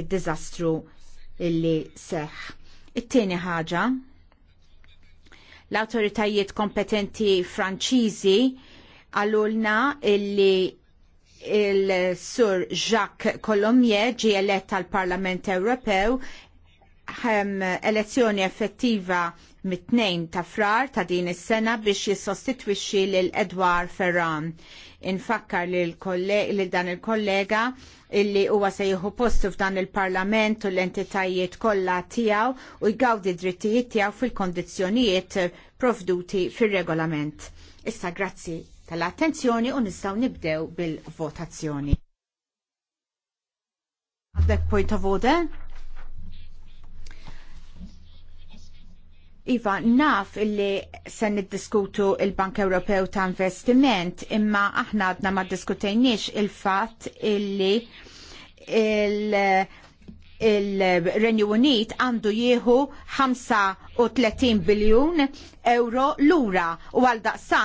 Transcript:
id-diżastru illi seħ. It-tieni ħaġa l-autoritajiet kompetenti franċiżi għallulna illi il-sur Jacques Colomier ġie elett tal parlament Ewropew elezzjoni effettiva mit tnejn ta' frar ta' din is-sena biex jissostitwixxi lil Edward Ferran. Infakkar lil dan il-kollega illi huwa se jieħu postu f'dan il-Parlament u l-entitajiet kollha tiegħu u jgawdi drittijiet tiegħu fil-kondizzjonijiet provduti fir-regolament. Issa grazzi tal-attenzjoni u nistgħu nibdew bil-votazzjoni. Għandek point of order? Iva, naf illi se niddiskutu il-Bank Ewropew ta' Investiment, imma aħna għadna ma diskutejniex il-fat illi il- il-Renju Unit għandu jieħu 35 biljun euro lura u għal daqsan